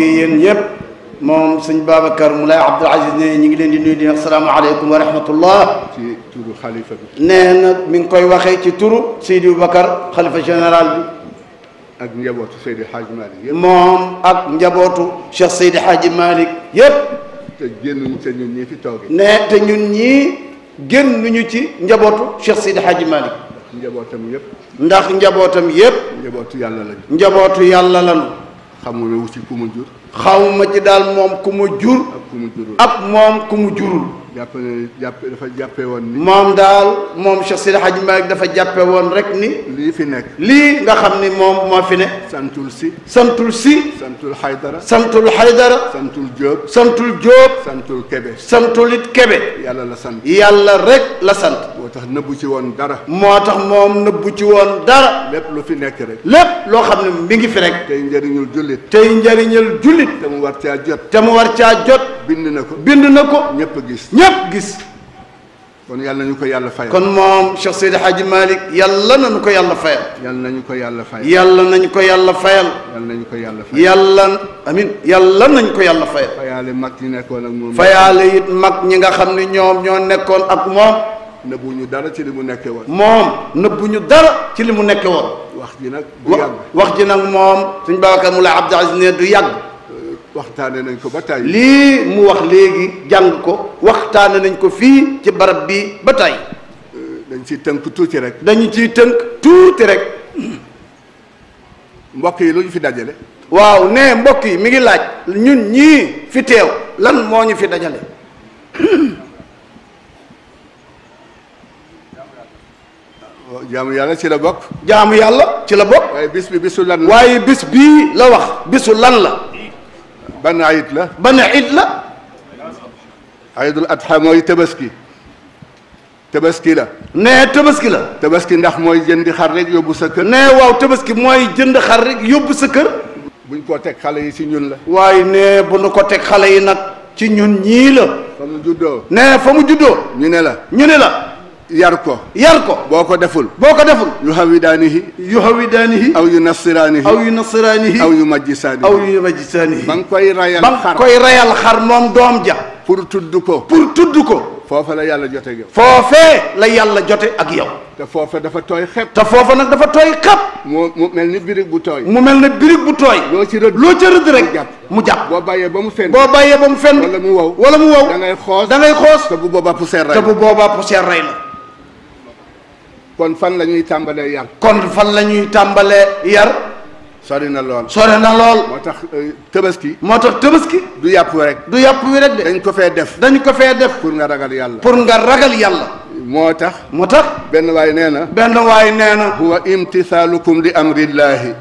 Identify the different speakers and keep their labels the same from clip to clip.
Speaker 1: yi yéen ñëpp moom sëñ Babacar Moulay Abdoul Aziz ne ñu ngi leen di nuyu di wax salaamaaleykum wa rahmatullah. ci turu xalifa bi. nee na mi ngi koy waxee ci turu Seydi Bakar xalifa général bi. ak njabootu Seydi Hadj Malick yëpp. moom ak njabootu Cheikh Seydi Hadj Malick yëpp. te génnuñu te ñun ñii fi toogee. ne te ñun ñii génnuñu ci njabootu Cheikh Seydi Hadj Malick. njabootam yëpp. ndax njabootam yëpp. njabootu yàlla lañu. njabootu yàlla lañu. xamuma wu ci kuma jur. xawma ci dal mom kuma jur. ak mom kuma jurul jàpp jàpp dafa jàppe woon ni. moom daal moom Cheikh Sidi Hadj Malick dafa jàppe woon rek ni. lii fi nekk. lii nga xam ni moom fi ne. santul si. santul si. santul Haydara. santul Haydara. santul Diop. santul Diop. santul Kebe. santulit Kebe. yàlla la sant. yàlla rek la sant. tax nëbbu ci woon dara moo tax moom nëbbu ci woon dara lépp lu fi nekk rek lépp loo xam ne mi ngi fi rek tey njëriñul jullit tey njëriñul jullit te mu war ca jot te mu war caa jot bind na ko bind na ko ñëpp gis ñëpp gis kon yàlla nañu ko yàlla fayal moom Cheikh Seydi Hadji nañu ko yàlla fayal yàlla nañu ko yàlla fayal yàlla nañu ko yàlla fayal yàlla nañu ko yàlla fayal yàlla amin yàlla nañu ko yàlla fayal fayaale mag ñi it mag ñi nga xam ne ñoom ñoo nekkoon ak moom nëbbu ñu dara ci li mu nekkee woon. moom nëbbu ñu dara ci li mu nekkee woon. wax ji nag du wax ji nag moom suñ Babacar Moulay Abdou Aziz ne du yàgg. Euh, waxtaane nañ ko ba tey. lii mu wax léegi jàng ko waxtaane nañ ko fii ci barab bi ba tey. Euh, dañ ciy tënk tuuti rek. dañu ci tënk tuuti rek. mbokk yi lu ñu fi dajale. waaw ne mbokk yi mi ngi laaj ñun ñii fi teew lan moo ñu fi dajale. jaamu yàlla ci la bokk. jaamu yàlla ci la bokk. waaye bis bi bisu lan la. waaye bis bii la wax bisu lan la. ban ayit la. ban ayit la. ayidul adha mooy tabaski. tabaski la. nee tabaski la. tabaski ndax mooy jënd xar rek yóbbu sa kër. nee waaw tabaski mooy jënd xar rek yóbbu sa kër. buñ ko teg xale yi ci ñun la. waaye nee bu nu ko teg xale yi nag ci ñun ñii la. fa mu juddoo. nee fa mu juddoo. ñu ne la ñu ne la. yar ko yar ko boo ko deful boo ko deful yu hawidaanihi yu hawidaanihi aw yu nasiraanihi aw yu nasiraanihi aw yu majjisaanihi aw yu majjisaanihi ba nga koy rayal xar ba nga koy rayal xar moom doom ja pour tudd ko pour tudd ko foofa la yàlla jote ak yow foofee la yàlla jote ak yow te foofa dafa tooy xepp te foofe nag dafa tooy xepp mu mu mel ni birig bu tooy mu mel ni birig bu tooy loo ci rëdd loo ci rëdd rek mu jàpp boo bàyyee ba mu fenn boo bàyyee ba mu fenn wala mu wow wala mu wow da ngay xoos da ngay xoos te bu boobaa poussière rey te bu boobaa poussière rey la kon fan la ñuy tàmbalee yar. kon fan la ñuy tàmbalee yar. sori na lool sori na lool. moo tax euh, ki moo tax ki du yàpp rek. du yàpp wi rek de. dañ ko fee def. dañ ko fee def. pour nga ragal yàlla. pour nga ragal yàlla. moo tax. moo tax. benn waay nee na. benn waay nee na. huwa imtisaalukum li amrillahi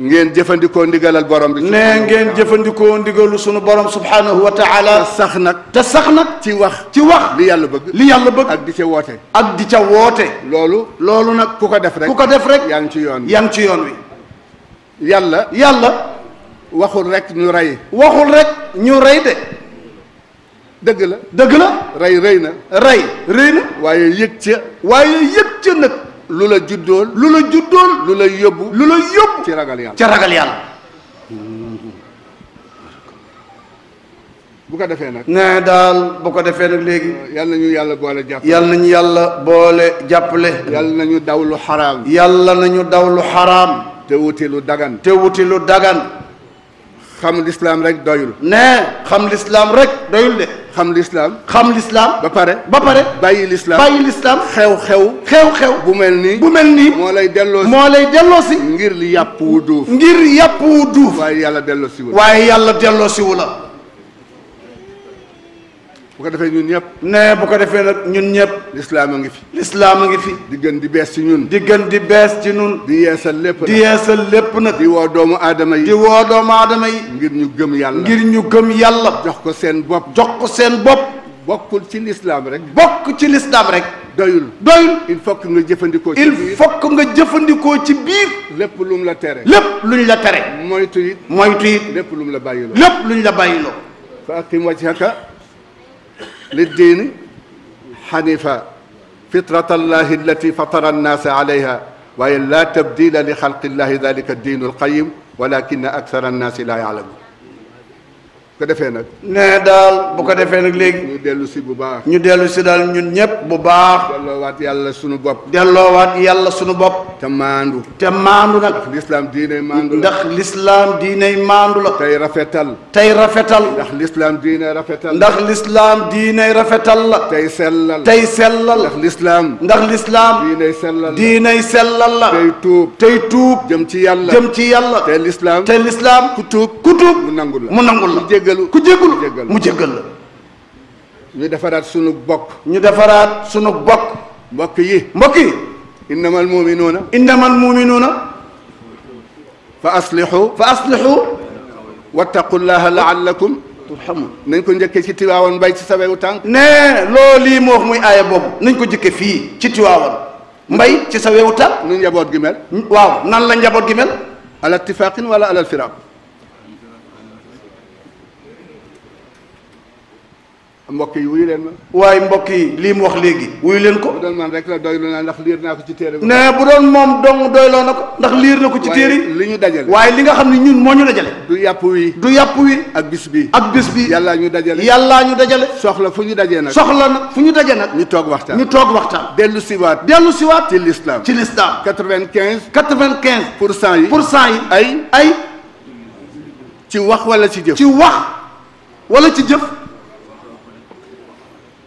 Speaker 1: ngeen jëfandikoo ndigalal borom bi. ne ngeen jëfandikoo ndigalu sunu borom subhanahu wa taala. te sax nag. te sax nag ci wax. ci wax li yàlla bëgg. li yàlla bëgg ak di ca woote. ak di ca woote. loolu. loolu nag ku ko def rek. ku ko def rek yaa ngi ci yoon wi yaa yoon wi. yàlla. yàlla. waxul rek ñu rey. waxul rek ñu rey de. dëgg la dëgg la. rey rëy na. rey rëy na. waaye yëg ca. waaye yëg ca nag. lu la juddool lu la juddool lu la yóbbu lu la yóbbu ci ragal yàlla ci ragal yàlla bu ko defee nag ne daal bu ko defee nag léegi euh, yal nañu yàlla boole jàppale yal nañu yàlla boole jàppale yal nañu daw lu xaraam yàlla nañu daw lu xaraam te wuti lu dagan te wuti lu dagan xam lislaam rek doyul. nee xam lislaam rek doyul de. xam lislaam xam lislaam ba pare. ba pare bàyyi lislaam bàyyi lislaam xew-xew. xew-xew bu mel nii. bu mel nii moo lay delloosi. moo lay delloosi. ngir yàpp wu duuf. ngir yàpp wu duuf. waaye yàlla delloosi wu waaye yàlla delloosi wu la. ko defee ñëpp. nee bu ko defee nag ñun ñëpp. lislaam a ngi fi. lislaam a ngi fi. di gën di bees ci ñun. di gën di bees ci ñun. di yeesal lépp di yeesal lépp nag. di woo doomu aadama yi. di woo doomu aadama yi. ngir ñu gëm yàlla. ngir ñu gëm yàlla. jox ko seen bopp. jox ko seen bopp. bokkul ci lislaam rek. bokk ci lislaam rek. doyul doyul. il faut nga jëfandikoo ci biir il faut que nga jëfandikoo ci biir. lépp lu mu la tere. lépp luñ la tere. moytu it. moytu it. lépp lu mu la bàyyi lépp luñ la bàyyiloo. للدين حنيفا فطرة الله التي فطر الناس عليها وإن لا تبديل لخلق الله ذلك الدين القيم ولكن أكثر الناس لا يعلمون bu ko defee nee daal bu ko defee nag léegi. dellu si bu baax. ñu dellu si daal ñun ñëpp bu baax. delloowaat yàlla sunu bopp. delloowaat yàlla sunu bopp. te maandu. te maandu nag. ndax lislaam diiney maandu la. ndax lislaam diiney maandu la. tey rafetal. tey rafetal. ndax lislaam diiney rafetal. ndax lislaam diiney rafetal la. tey sellal. tey sellal. ndax lislaam. ndax lislaam. diiney sellal la. diiney sellal la. tey tuub. tey tuub. jëm ci yàlla. jëm ci yàlla. tey lislaam. tey lislaam. mu nangul la mu nangul la. jéggalu ku jéggalu mu jéggal la ñu defaraat sunu bokk ñu defaraat sunu bokk mbokk yi mbokk yi innamal muminuuna innamal muminuuna fa aslixu fa aslixu wattaqullaha laallakum turhamun nañ ko njëkkee ci tiwaawoon mbay ci sawewu tànk nee loolu lii mu wax muy aaya boobu nañ ko njëkkee fii ci tiwaawoon mbay ci sawewu tànk nu njaboot gi mel waaw nan la njaboot gi mel ala ittifaqin wala ala alfiraq mbokk yi wuyu leen ma. waaye mbokk yi lii mu wax léegi. wuyu leen ko bu doon man rek la doyloo naa ndax liir naa ko ci téere bi. nee bu doon moom dong doyloo na ko ndax liir na ko ci téere yi. li ñu dajale waaye li nga xam ne ñun moo ñu dajale. du yàpp wi. du yàpp wi. ak bis bi ak bis bi. yàllaa ñu dajale yàllaa ñu dajale. soxla fu ñu dajee nag. soxla nag fu ñu dajee nag. ñu toog waxtaan ñu toog waxtaan. dellu siwaat dellu siwaat. ci l'islam ci l'islam. quatre-vingt-quinze. quatre-vingt-quinze. pour cent yi pour cent yi. ay ay. ci wax wala ci jëf. ci wax wala ci jëf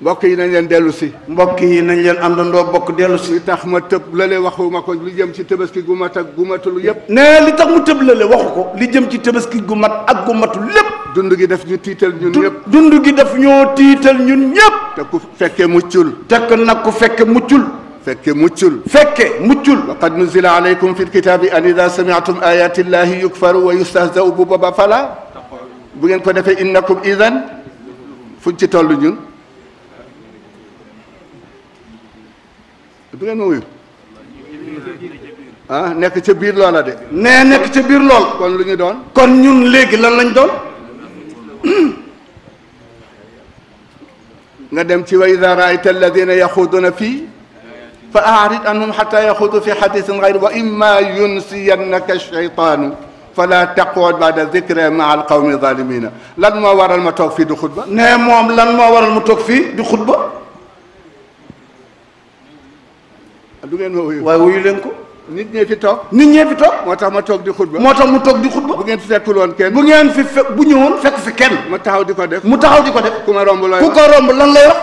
Speaker 1: mbokk yi nañ leen dellu si mbokk yi nañ leen àndandoo bokk dellu si li tax ma tëb lële waxuma ko li jëm ci tabaski gu mat ak gu matul yépp ne li tax mu tëb lële waxu ko li jëm ci tabaski gu mat ak gu matul lépp dund gi def ñu tiital ñun ñëpp dund gi def ñoo tiital ñun ñëpp te ku fekke muccul te tekk nak ku fekke muccul fekke muccul fekke muccul waqad nuzila alaykum fil kitabi an idha sami'tum ayati llahi yukfaru wa yustahzau bi baba fala bu ngeen ko defee innakum idhan fuñ ci tollu ñun du ngeen ma wuyu ah nekk ca biir loola de nee nekk ca biir lool kon lu ñu doon kon ñun léegi lan lañ doon nga dem ci wa ida raayta alladina yaxuduuna fii fa aarid anhum xata yaxudu fi xadisin gayr wa imma yunsiyannaka alcheytaanu fala taqood bada dicre maa alqawmi zalimina lan moo waral ma toog fii di xutba nee moom lan moo waral mu toog fii di xutba Ah, du ngeen ma wuyu waaye wuyu leen ko. nit ñee fi toog. nit ñee fi toog. moo tax ma toog di xutba. moo tax mu toog di xutba. bu ngeen fi fekkul woon kenn. bu ngeen fi fe bu ñëwoon fekk fi kenn. mu taxaw di ko def. mu taxaw di ko def. ku ma romb looy ku ko romb lan lay wax.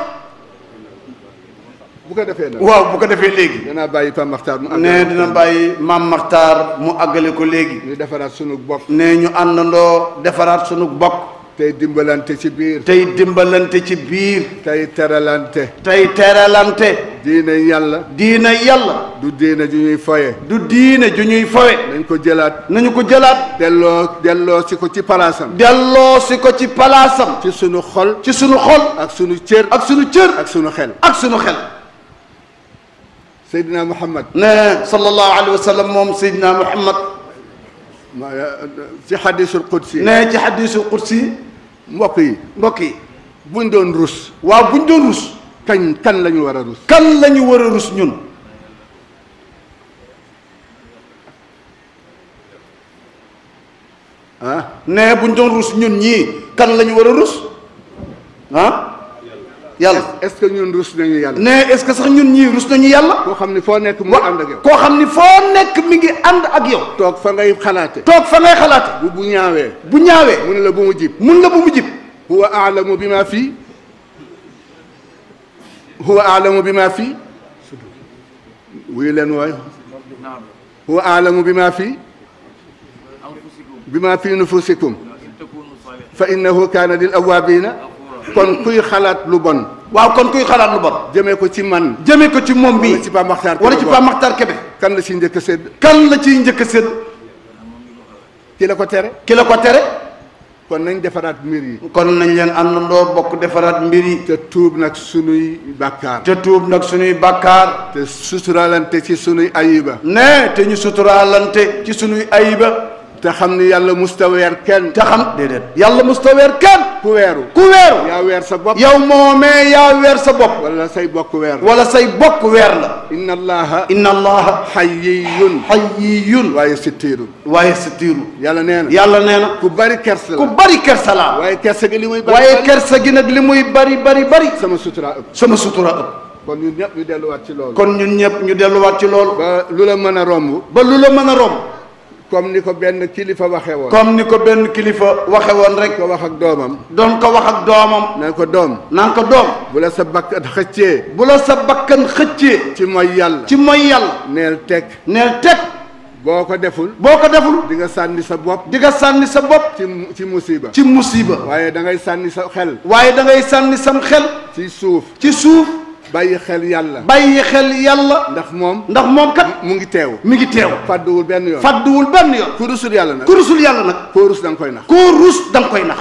Speaker 1: bu ko defee nag waaw bu ko defee léegi. dinaa bàyyi Pape Makhtar mu. nee dina bàyyi Mame Makhtar mu àggale ko léegi. ñu defaraat sunu bopp. nee ñu àndandoo defaraat sunu bopp. tey dimbalante ci biir. tey dimbalante ci biir. tey teralante. tey teralante. diine yàlla. diine yàlla. du diine ju ñuy foye. du diine ju ñuy foye. nañ ko jëlaat. nañu ko jëlaat. delloo delloo si ko ci palaasam. delloo si ko ci palaasam. ci sunu xol. ci sunu xol. ak sunu cër. ak sunu cër. ak sunu xel. ak sunu xel. Seydina Muhammad. nee sallallahu alayhi wa sallam moom Seydina Muhammad. ci xadiisul qudsi. nee ci xadiisul qudsi. mbokk yi. mbokk yi. buñ doon rus. waaw buñ doon rus. kañ kan lañu war a rus. kan la ñu war a rus ñun. ah nee bu ñu doon rus ñun ñii kan lañu war a rus ah. yàlla est-ce que ñun rus nañu yàlla. nee est-ce que sax ñun ñii rus nañu yàlla. koo xam ni foo nekk mu ànd koo xam ni foo mi ngi ànd ak yow. toog fa ngay xalaate. toog fa ngay xalaate. bu bu ñaawee. bu ñaawee. mun la bu mu jib mun la bu mu jib. huwa aalamu bi ma fii. هو أعلم بما في ويلن هو أعلم بما في بما في نفوسكم فإنه كان للأوابين كون كي خلات لبن واو كون كوي خلات لبن جمي كو تي مان جمي كو تي موم بي با مختار ولا تي با مختار كبه كان لا سي نديك سيد كان لا سي نديك سيد كي لا kon nañ defaraat mbir yi. kon nañ leen àndandoo bokk defaraat mbir yi. te tuub nag sunuy bàkkaar. te tuub nag sunuy bàkkaar. te suturaalante ci sunuy ayiba. ne te ñu suturaalante ci sunuy ayiba. تخمني يلا مستوير كن تخم ديدت يلا مستوير كن كويرو كويرو يا وير سبب يا مومي يا وير سبب ولا ساي بوك وير ولا ساي بوك وير لا ان الله ان الله حيي حيي واي ستير واي ستير يلا نينا يلا نينا كو بري كرسلا كو بري كرسلا واي كرسغي لي موي بري واي كرسغي نك لي موي بري بري بري سما سوترا سما سوترا kon ñun ñep ñu delu wat ci lool kon ñun ñep ñu delu wat ci lool ba lula mëna romb ba lula mëna comme ni ko benn kilifa waxe woon comme ni ko benn kilifa waxe woon rek ko wax ak doomam doon ko wax ak doomam naan ko doom naan ko doom bu la sa bakkan xëccee bu la sa bakkan xëccee ci mooy yàlla ci mooy yàlla neel teg neel teg boo ko deful boo ko deful di nga sànni sa bopp di nga sànni sa bopp ci ci musiba ci musiba waaye da ngay sànni sa xel waaye dangay sànni sam xel ci suuf ci suuf bàyyi xel yàlla bàyyi xel yàlla ndax moom ndax moom kat mu ngi teew mi ngi teew fàdduwul benn yoon fàdduwul benn yoon ku rusul yàlla nag ku rusul yàlla nag koo rus da nga koy nax koo rus da nga koy nax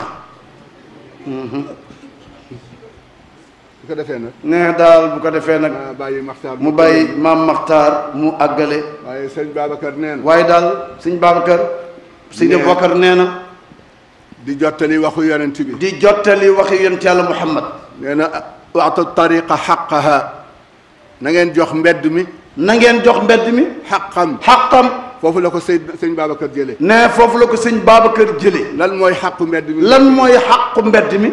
Speaker 1: bu ko defee nag nee daal bu ko defee nag bàyyi maxtaar mu bàyyi maam maxtaar mu àggale waaye sëñ Babacar nee na waaye daal sëñ Babacar sëñ Babacar nee na di jottali waxu yonent bi di jottali waxu yonent yàlla Muhammad nee na واعطوا الطريق حقها نغن جوخ مبد مي نغن جوخ مبد مي حقا حقا فوفو لاكو سيد سيني بابا كير جيلي نا فوفو لاكو سيني بابا كير جيلي لان موي حق مبد مي لان موي حق مبدمي مي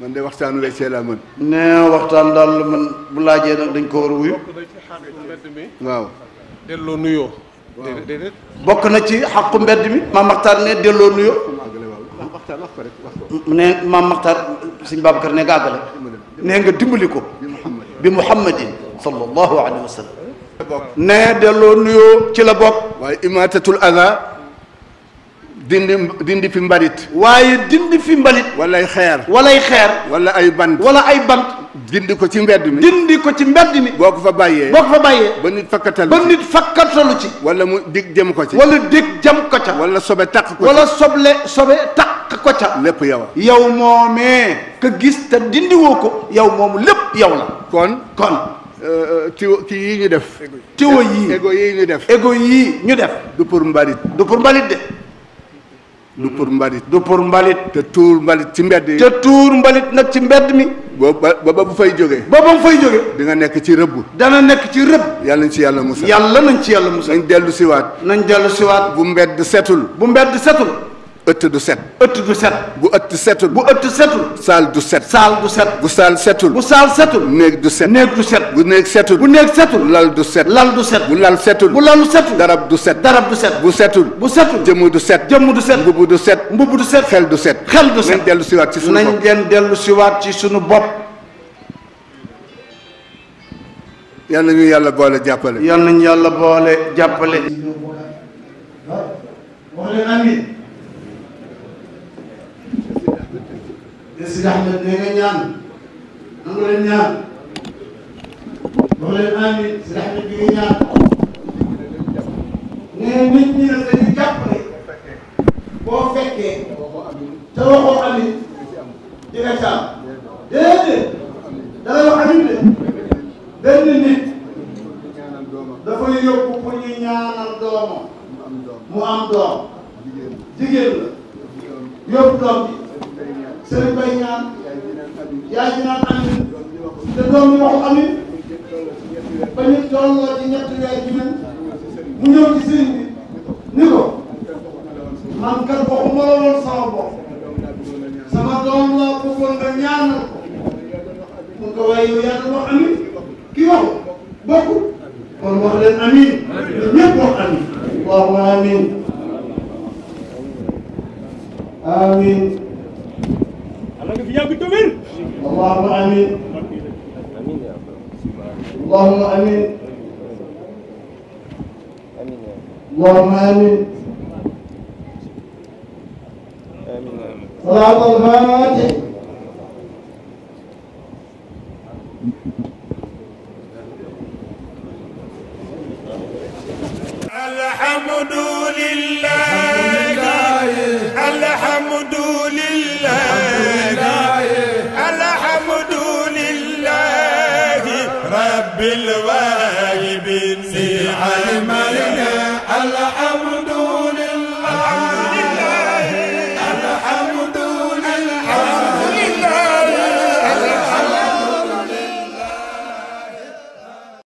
Speaker 1: من دي وقتان لي سي لا من نا وقتان دال من بلا جي نك دنج كو روي واو ديلو نويو بوك نا سي حق مبدمي مي ما مختار ني ديلو نويو Maxtaar wax ko rek wax ko ne maam Maxtaar sëñ Babacar ne gàggale ne nga dimbali ko bi muhammadin sallallahu alayhi wa sallam ne delloo nuyoo ci la bokk waaye imaatatul ada dindi dindi fi mbalit waaye dindi fi mbalit walay xeer walay xeer wala ay bant wala ay bant dindi ko ci mbedd mi dindi ko ci mbedd mi boo ko fa bàyyee boo ko fa bàyyee ba nit fakkatalu ba nit fakkatalu ci wala mu dig jëm ko ci wala dig jëm ko ca wala sobe taq ko wala soble sobe taq ko ca lépp yow yow moomee ka gis te dindiwoo ko yow moomu lépp yow la kon kon euh, euh, tiwo kii yii ñu def tiwo yii ego yii ñu def égo yii ñu def du pour mbalit du pour mbalit de du pour mbalit du pour mbalit te tuur mbalit ci mbedd yi te tuur mbalit nag ci mbedd mi booba ba bu fay jógee booba bu fay jógee di nga nekk ci rëbb dana nekk ci rëbb yàlla ñu ci yàlla musal yàlla nañ ci yàlla musal nañ dellu siwaat nañ dellu siwaat bu mbedd setul bu mbedd setul ëtt du set. ëtt du set. bu ëtt setul. bu ëtt setul. saal du set. saal du set. bu saal setul. bu saal setul. néeg du set. néeg du set. bu néeg setul. bu néeg setul. lal du set. lal du set. bu lal setul. bu lal setul. darab du set. darab du set. bu setul. bu setul. jëmm du set. jëmm du set. mbubb du set. mbubb du set. xel du set. xel du set. nañ dellu siwaat ci sunu bopp nañ leen dellu siwaat ci sunu bopp. yal nañu yàlla boole jàppale. yal nañu yàlla boole jàppale. wax leen amiin. te si nga xam ne nee nga ñaan nangu leen ñaan wax leen amiin si nga xam ne bi nga ñaan nee nit ñi nag dañuy jàpp ne boo fekkee te waxoo amiin di nga caam déedéet da ngay wax amiin de benn nit dafay yóbbu pour ñu ñaanal doomam mu am doom jigéen la yóbbu Serigne Baye ñaan yaa ngi amin te doom yi amin ba ñu tolloo ci ñetti weer ji mu ñëw ci sëriñ ni ko man kat waxuma la woon sama bopp sama doom laa bëggoon mu ko waaye yow wax amin kii waxu bokku kon wax leen amin ñun ñëpp wax amin waxuma amin amin fi yàgg te wér. allahumma amin. allahumma amin. اللهم امين صلاة الفاتح الحمد لله